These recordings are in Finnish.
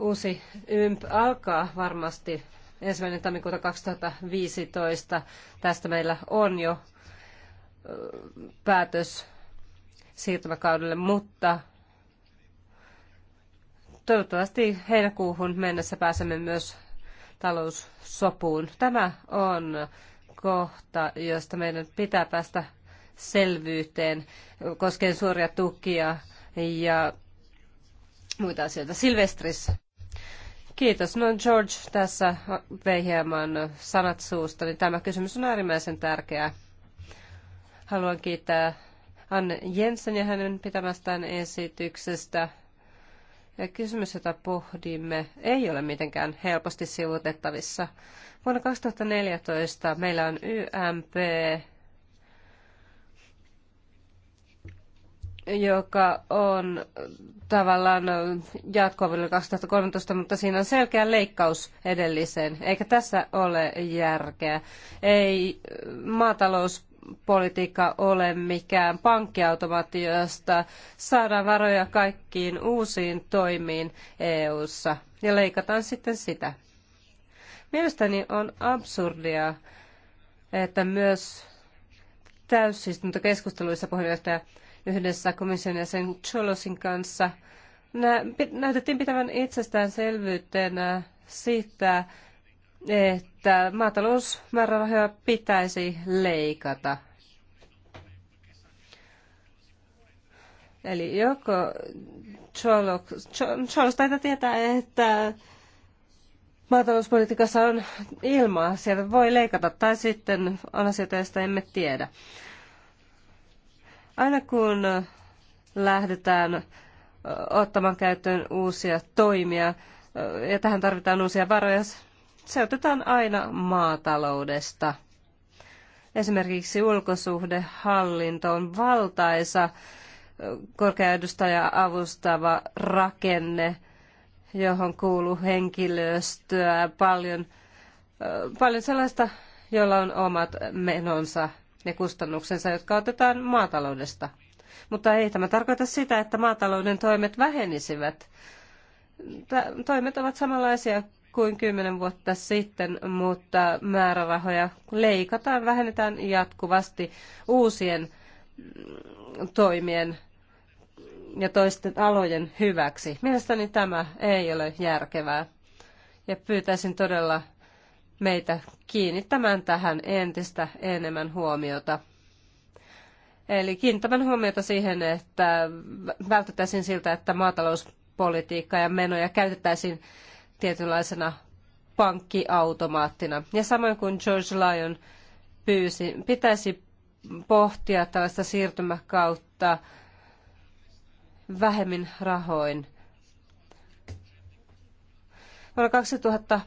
Uusi YMP alkaa varmasti ensimmäinen tammikuuta 2015. Tästä meillä on jo päätös siirtymäkaudelle, mutta toivottavasti heinäkuuhun mennessä pääsemme myös taloussopuun. Tämä on kohta, josta meidän pitää päästä selvyyteen koskien suoria tukia ja muita asioita. Silvestris. Kiitos. No George tässä vei hieman sanat suusta, niin tämä kysymys on äärimmäisen tärkeä. Haluan kiittää Anne Jensen ja hänen pitämästään esityksestä. Ja kysymys, jota pohdimme, ei ole mitenkään helposti sivutettavissa. Vuonna 2014 meillä on YMP, joka on tavallaan vuodelle 2013, mutta siinä on selkeä leikkaus edelliseen, eikä tässä ole järkeä. Ei maatalouspolitiikka ole mikään pankkiautomaatti, josta saadaan varoja kaikkiin uusiin toimiin EU-ssa ja leikataan sitten sitä. Mielestäni on absurdia, että myös täysistuntokeskusteluissa puheenjohtaja yhdessä komission jäsen Cholosin kanssa näytettiin pitävän itsestäänselvyytenä sitä, että maatalousmäärärahoja pitäisi leikata. Eli joko Cholos taitaa tietää, että maatalouspolitiikassa on ilmaa, sieltä voi leikata, tai sitten on asioita, joista emme tiedä. Aina kun lähdetään ottamaan käyttöön uusia toimia, ja tähän tarvitaan uusia varoja, se otetaan aina maataloudesta. Esimerkiksi ulkosuhdehallinto on valtaisa korkeaedustaja avustava rakenne, johon kuuluu henkilöstöä, paljon, paljon sellaista, jolla on omat menonsa ne kustannuksensa, jotka otetaan maataloudesta. Mutta ei tämä tarkoita sitä, että maatalouden toimet vähenisivät. Toimet ovat samanlaisia kuin kymmenen vuotta sitten, mutta määrärahoja leikataan, vähennetään jatkuvasti uusien mm, toimien ja toisten alojen hyväksi. Mielestäni tämä ei ole järkevää. Ja pyytäisin todella meitä kiinnittämään tähän entistä enemmän huomiota. Eli kiinnittämään huomiota siihen, että vältettäisiin siltä, että maatalouspolitiikka ja menoja käytettäisiin tietynlaisena pankkiautomaattina. Ja samoin kuin George Lyon pyysi, pitäisi pohtia tällaista siirtymäkautta vähemmin rahoin. Vuonna 2000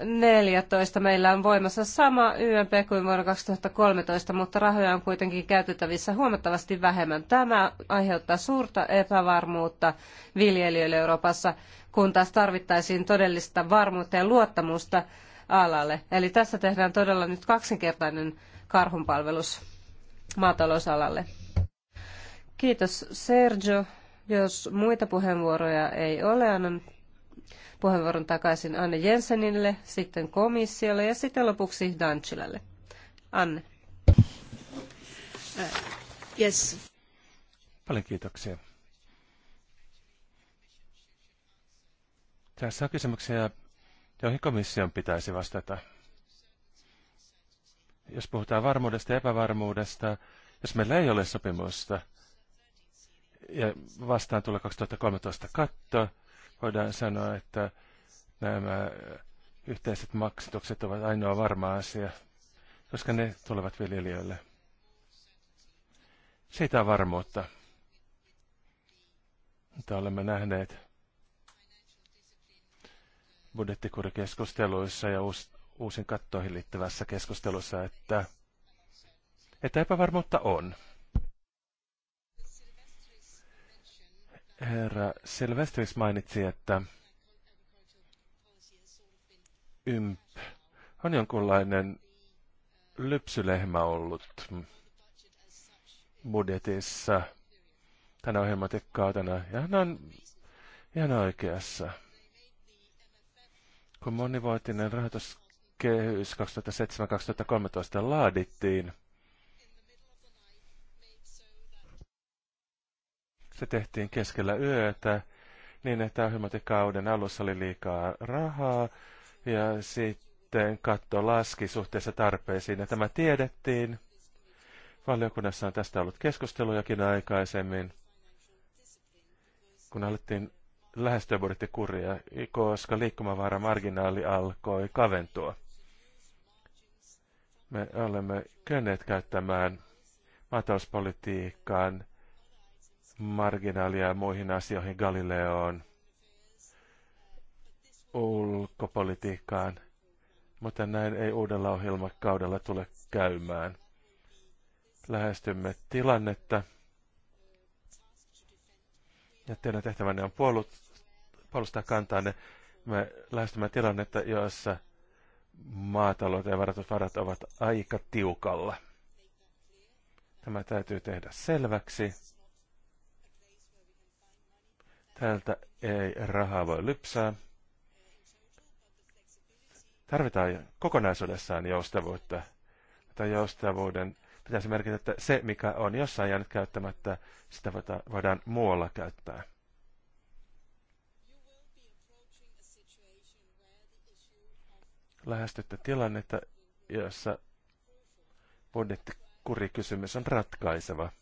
2014 meillä on voimassa sama YMP kuin vuonna 2013, mutta rahoja on kuitenkin käytettävissä huomattavasti vähemmän. Tämä aiheuttaa suurta epävarmuutta viljelijöille Euroopassa, kun taas tarvittaisiin todellista varmuutta ja luottamusta alalle. Eli tässä tehdään todella nyt kaksinkertainen karhunpalvelus maatalousalalle. Kiitos Sergio. Jos muita puheenvuoroja ei ole, annan Puheenvuoron takaisin Anne Jensenille, sitten komissiolle ja sitten lopuksi Dancilalle. Anne. Uh, yes. Paljon kiitoksia. Tässä on kysymyksiä, joihin komission pitäisi vastata. Jos puhutaan varmuudesta ja epävarmuudesta, jos meillä ei ole sopimusta ja vastaan tulee 2013 katto, voidaan sanoa, että nämä yhteiset maksatukset ovat ainoa varma asia, koska ne tulevat viljelijöille. Siitä on varmuutta, mitä olemme nähneet budjettikurikeskusteluissa ja uus, uusin kattoihin liittyvässä keskustelussa, että, että epävarmuutta on. Herra Silvestris mainitsi, että ymp on jonkunlainen lypsylehmä ollut budjetissa tänä tänä Ja hän on ihan oikeassa. Kun monivuotinen rahoituskehys 2007-2013 laadittiin, Se tehtiin keskellä yötä niin, että ohjelmointikauden alussa oli liikaa rahaa ja sitten katto laski suhteessa tarpeisiin ja tämä tiedettiin. Valiokunnassa on tästä ollut keskustelujakin aikaisemmin, kun alettiin lähestyä budjettikuria, koska liikkumavara marginaali alkoi kaventua. Me olemme kyenneet käyttämään maatalouspolitiikkaan marginaalia muihin asioihin Galileoon, ulkopolitiikkaan, mutta näin ei uudella ohjelmakaudella tule käymään. Lähestymme tilannetta. Ja teidän tehtävänne on puolustaa kantaanne. Me lähestymme tilannetta, jossa maatalouteen varatut varat ovat aika tiukalla. Tämä täytyy tehdä selväksi. Täältä ei rahaa voi lypsää. Tarvitaan kokonaisuudessaan joustavuutta. Tai joustavuuden pitäisi merkitä, että se, mikä on jossain jäänyt käyttämättä, sitä voidaan muualla käyttää. Lähestytte tilannetta, jossa budjettikurikysymys on ratkaiseva.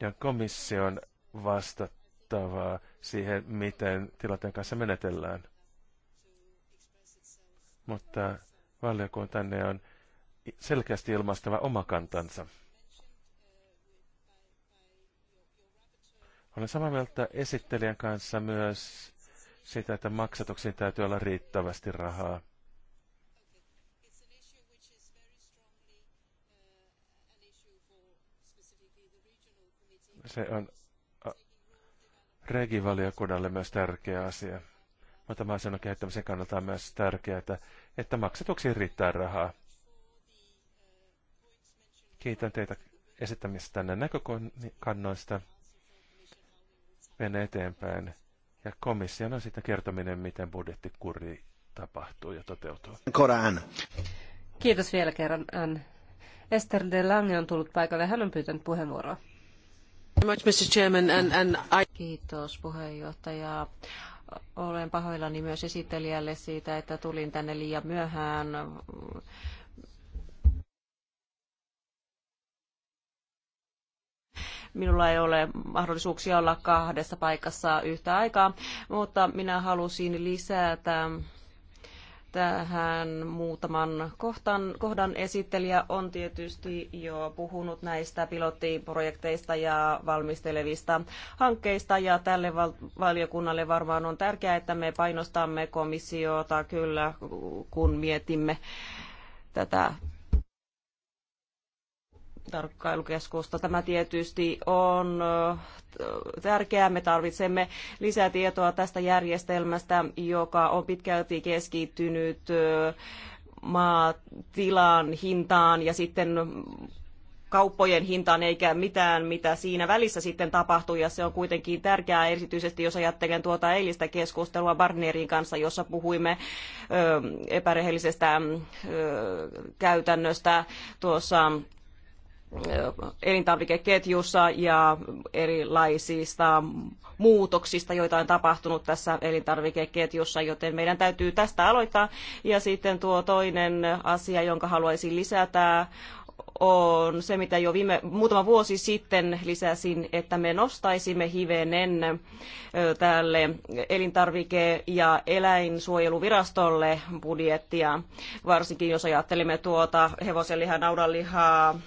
ja komission vastattavaa siihen, miten tilanteen kanssa menetellään. Mutta valiokuntanne on selkeästi ilmaistava oma kantansa. Olen samaa mieltä esittelijän kanssa myös sitä, että maksatuksiin täytyy olla riittävästi rahaa. Se on regivaliokunnalle myös tärkeä asia. Mutta maaseudun kehittämisen kannalta on myös tärkeää, että että maksetuksi riittää rahaa. Kiitän teitä esittämistä tänne näkökannoista. Mene eteenpäin. Ja komission on sitten kertominen, miten budjettikuri tapahtuu ja toteutuu. Koran. Kiitos vielä kerran, Esther de Lange on tullut paikalle. Hän on pyytänyt puheenvuoroa. Kiitos puheenjohtaja. Olen pahoillani myös esittelijälle siitä, että tulin tänne liian myöhään. minulla ei ole mahdollisuuksia olla kahdessa paikassa yhtä aikaa, mutta minä halusin lisätä tähän muutaman kohtan, kohdan esittelijä on tietysti jo puhunut näistä pilottiprojekteista ja valmistelevista hankkeista ja tälle val- valiokunnalle varmaan on tärkeää, että me painostamme komissiota kyllä, kun mietimme tätä tarkkailukeskusta. Tämä tietysti on tärkeää. Me tarvitsemme lisää tietoa tästä järjestelmästä, joka on pitkälti keskittynyt maatilan hintaan ja sitten kauppojen hintaan eikä mitään, mitä siinä välissä sitten tapahtuu. Ja se on kuitenkin tärkeää, erityisesti jos ajattelen tuota eilistä keskustelua Barnierin kanssa, jossa puhuimme ö, epärehellisestä ö, käytännöstä tuossa elintarvikeketjussa ja erilaisista muutoksista, joita on tapahtunut tässä elintarvikeketjussa, joten meidän täytyy tästä aloittaa. Ja sitten tuo toinen asia, jonka haluaisin lisätä, on se, mitä jo viime, muutama vuosi sitten lisäsin, että me nostaisimme hivenen tälle elintarvike- ja eläinsuojeluvirastolle budjettia, varsinkin jos ajattelimme tuota naudan lihaa,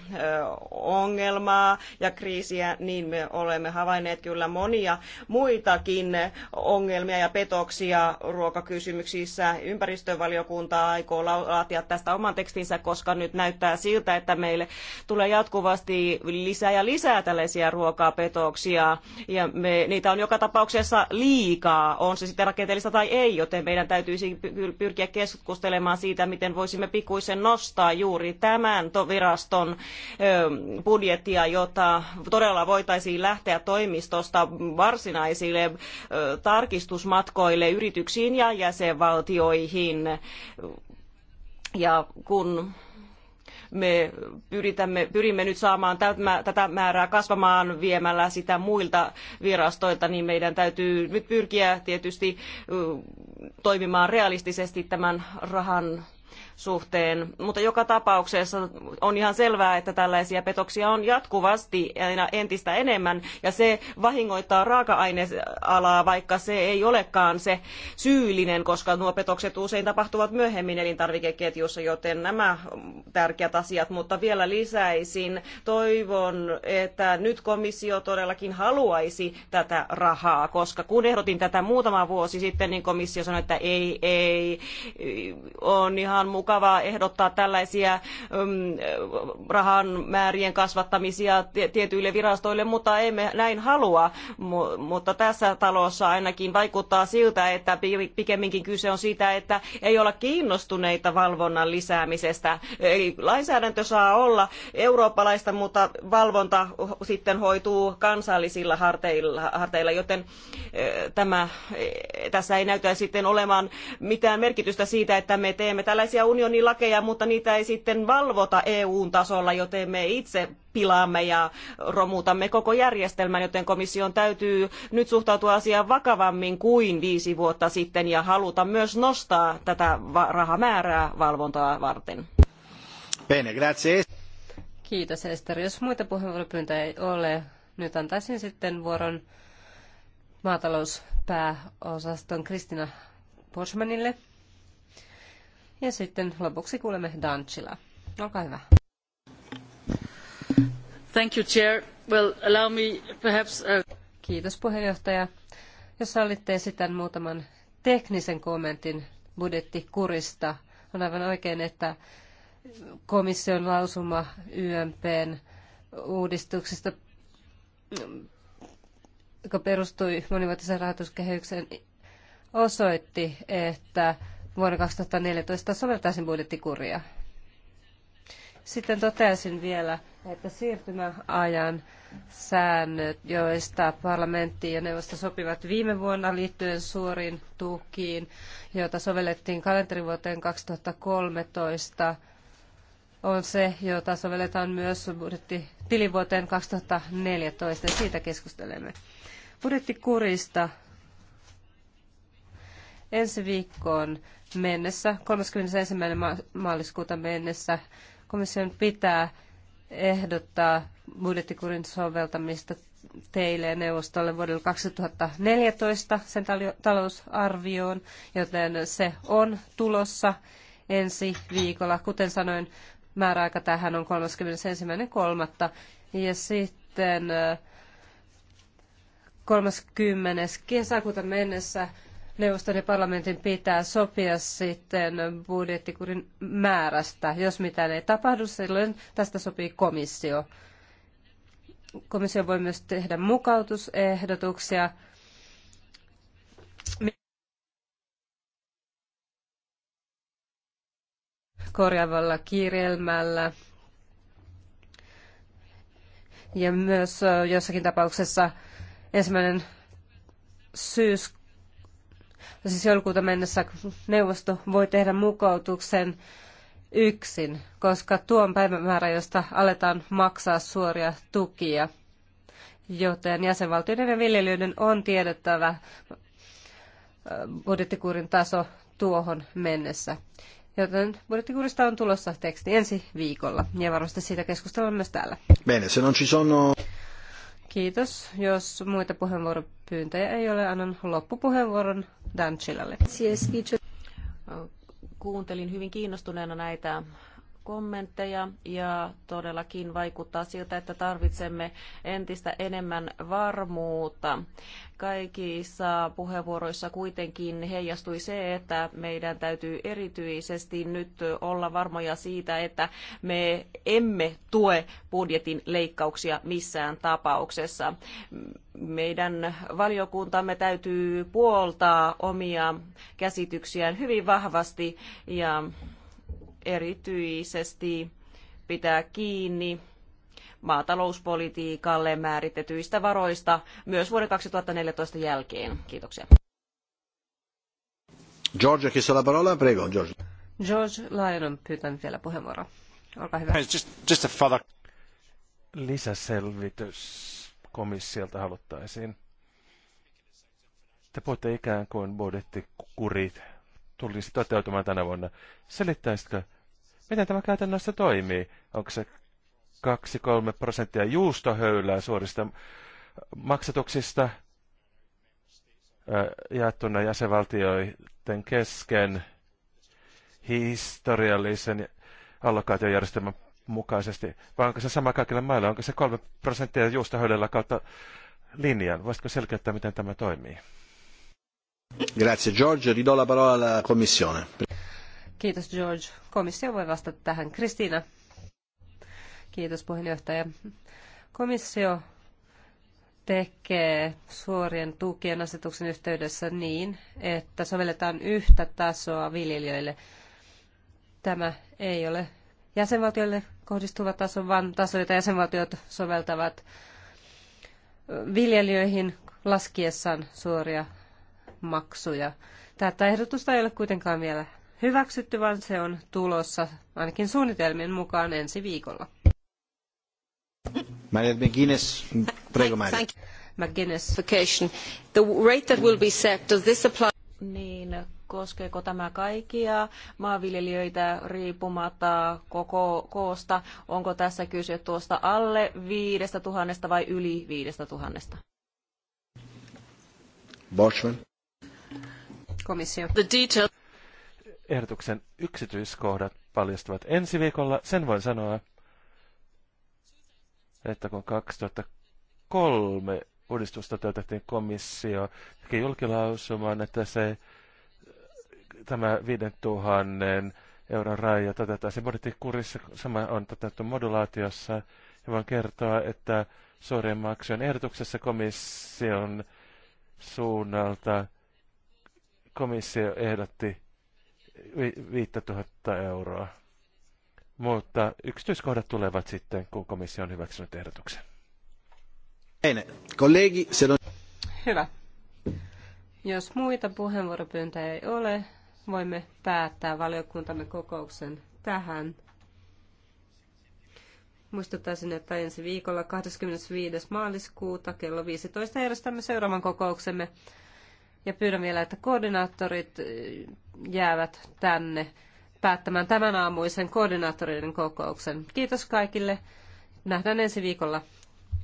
ongelmaa ja kriisiä, niin me olemme havainneet kyllä monia muitakin ongelmia ja petoksia ruokakysymyksissä. Ympäristövaliokunta aikoo laatia tästä oman tekstinsä, koska nyt näyttää siltä, että meillä meille tulee jatkuvasti lisää ja lisää tällaisia ruokapetoksia ja me, niitä on joka tapauksessa liikaa, on se sitten rakenteellista tai ei, joten meidän täytyisi pyrkiä keskustelemaan siitä, miten voisimme pikuisen nostaa juuri tämän viraston budjettia, jotta todella voitaisiin lähteä toimistosta varsinaisille tarkistusmatkoille yrityksiin ja jäsenvaltioihin. Ja kun me pyritämme, pyrimme nyt saamaan tätä määrää kasvamaan viemällä sitä muilta virastoilta, niin meidän täytyy nyt pyrkiä tietysti toimimaan realistisesti tämän rahan suhteen. Mutta joka tapauksessa on ihan selvää, että tällaisia petoksia on jatkuvasti aina entistä enemmän ja se vahingoittaa raaka-ainealaa, vaikka se ei olekaan se syyllinen, koska nuo petokset usein tapahtuvat myöhemmin elintarvikeketjussa, joten nämä tärkeät asiat. Mutta vielä lisäisin, toivon, että nyt komissio todellakin haluaisi tätä rahaa, koska kun ehdotin tätä muutama vuosi sitten, niin komissio sanoi, että ei, ei, on ihan mukaan mukavaa ehdottaa tällaisia mm, rahan määrien kasvattamisia tietyille virastoille, mutta emme näin halua. Mutta tässä talossa ainakin vaikuttaa siltä, että pikemminkin kyse on siitä, että ei olla kiinnostuneita valvonnan lisäämisestä. Eli lainsäädäntö saa olla eurooppalaista, mutta valvonta sitten hoituu kansallisilla harteilla, harteilla joten e, tämä, e, tässä ei näytä sitten olemaan mitään merkitystä siitä, että me teemme tällaisia unionin lakeja, mutta niitä ei sitten valvota eu tasolla, joten me itse pilaamme ja romutamme koko järjestelmän, joten komission täytyy nyt suhtautua asiaan vakavammin kuin viisi vuotta sitten ja haluta myös nostaa tätä rahamäärää valvontaa varten. Bene, grazie. Kiitos Ester. Jos muita puheenvuoropyyntöjä ei ole, nyt antaisin sitten vuoron maatalouspääosaston Kristina Boschmanille. Ja sitten lopuksi kuulemme Dancila. Olkaa hyvä. Thank you, Chair. Well, allow me perhaps... Uh... Kiitos puheenjohtaja. Jos sallitte, esitän muutaman teknisen kommentin budjettikurista. On aivan oikein, että komission lausuma YMPn uudistuksesta, joka perustui monivuotisen rahoituskehykseen, osoitti, että vuonna 2014 soveltaisin budjettikuria. Sitten totesin vielä, että siirtymäajan säännöt, joista parlamentti ja neuvosto sopivat viime vuonna liittyen suoriin tukiin, joita sovellettiin kalenterivuoteen 2013, on se, jota sovelletaan myös budjetti tilivuoteen 2014. Siitä keskustelemme. Budjettikurista ensi viikkoon mennessä, 31. maaliskuuta mennessä, komission pitää ehdottaa budjettikurin soveltamista teille ja neuvostolle vuodelle 2014 sen talousarvioon, joten se on tulossa ensi viikolla. Kuten sanoin, määräaika tähän on 31.3. Ja sitten 30. kesäkuuta mennessä neuvoston ja parlamentin pitää sopia sitten budjettikurin määrästä. Jos mitään ei tapahdu, silloin tästä sopii komissio. Komissio voi myös tehdä mukautusehdotuksia. korjaavalla kirjelmällä. Ja myös jossakin tapauksessa ensimmäinen syys, siis joulukuuta mennessä neuvosto voi tehdä mukautuksen yksin, koska tuon päivämäärä, josta aletaan maksaa suoria tukia. Joten jäsenvaltioiden ja viljelijöiden on tiedettävä budjettikurin taso tuohon mennessä. Joten budjettikurista on tulossa teksti ensi viikolla ja varmasti siitä keskustellaan myös täällä. Bene, se non ci sono... Kiitos. Jos muita puheenvuoropyyntöjä ei ole, annan loppupuheenvuoron Dancilalle. Kuuntelin hyvin kiinnostuneena näitä kommentteja ja todellakin vaikuttaa siltä, että tarvitsemme entistä enemmän varmuutta. Kaikissa puheenvuoroissa kuitenkin heijastui se, että meidän täytyy erityisesti nyt olla varmoja siitä, että me emme tue budjetin leikkauksia missään tapauksessa. Meidän valiokuntamme täytyy puoltaa omia käsityksiään hyvin vahvasti ja erityisesti pitää kiinni maatalouspolitiikalle määritetyistä varoista myös vuoden 2014 jälkeen. Kiitoksia. George, chiesto la parola, prego, George. George Lyon on vielä Olkaa hyvä. Just, just a father. Lisäselvitys komissiolta haluttaisiin. Te puhutte ikään kuin budjettikurit tulisi toteutumaan tänä vuonna. Selittäisitkö Miten tämä käytännössä toimii? Onko se 2-3 prosenttia juustohöylää suorista maksatuksista äh, jaettuna jäsenvaltioiden kesken historiallisen allokaatiojärjestelmän mukaisesti, vai onko se sama kaikille maille? Onko se 3 prosenttia juustohöylällä kautta linjan? Voisitko selkeyttää, miten tämä toimii? Grazie Giorgio, ridò la parola alla Commissione. Kiitos George. Komissio voi vastata tähän. Kristiina. Kiitos puheenjohtaja. Komissio tekee suorien tukien asetuksen yhteydessä niin, että sovelletaan yhtä tasoa viljelijöille. Tämä ei ole jäsenvaltioille kohdistuva taso, vaan taso, jota jäsenvaltiot soveltavat viljelijöihin laskiessaan suoria maksuja. Tätä ehdotusta ei ole kuitenkaan vielä hyväksytty, vaan se on tulossa ainakin suunnitelmien mukaan ensi viikolla. prego The rate that will be set, does this apply? Niin, koskeeko tämä kaikkia maanviljelijöitä riippumatta koko koosta? Onko tässä kyse tuosta alle viidestä tuhannesta vai yli viidestä tuhannesta? Boschman. Komissio. The detail ehdotuksen yksityiskohdat paljastuvat ensi viikolla. Sen voin sanoa, että kun 2003 uudistusta toteutettiin komissio, teki julkilausuman, että se tämä 5000 euron raja toteutettaisiin budjettikurissa, sama on toteutettu modulaatiossa, ja voin kertoa, että suurien maksujen ehdotuksessa komission suunnalta komissio ehdotti 5000 euroa. Mutta yksityiskohdat tulevat sitten, kun komissio on hyväksynyt ehdotuksen. Hyvä. Jos muita puheenvuoropyyntöjä ei ole, voimme päättää valiokuntamme kokouksen tähän. Muistuttaisin, että ensi viikolla 25. maaliskuuta kello 15 järjestämme seuraavan kokouksemme. Ja pyydän vielä, että koordinaattorit äh, jäävät tänne päättämään tämän aamuisen koordinaattoreiden kokouksen. Kiitos kaikille. Nähdään ensi viikolla.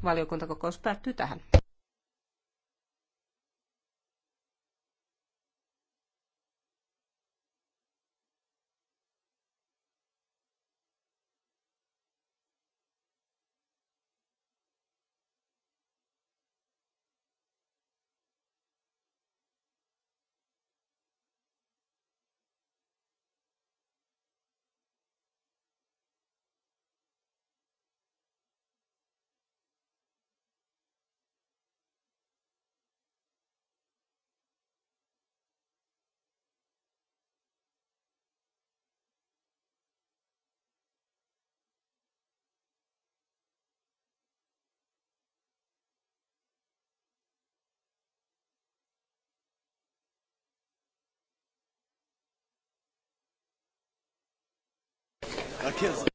Valiokuntakokous päättyy tähän. kids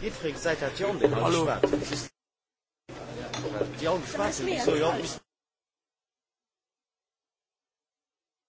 Gifrig, seid hat Jorn den Augen schwarz. Die Augen schwarz sind so Jorn.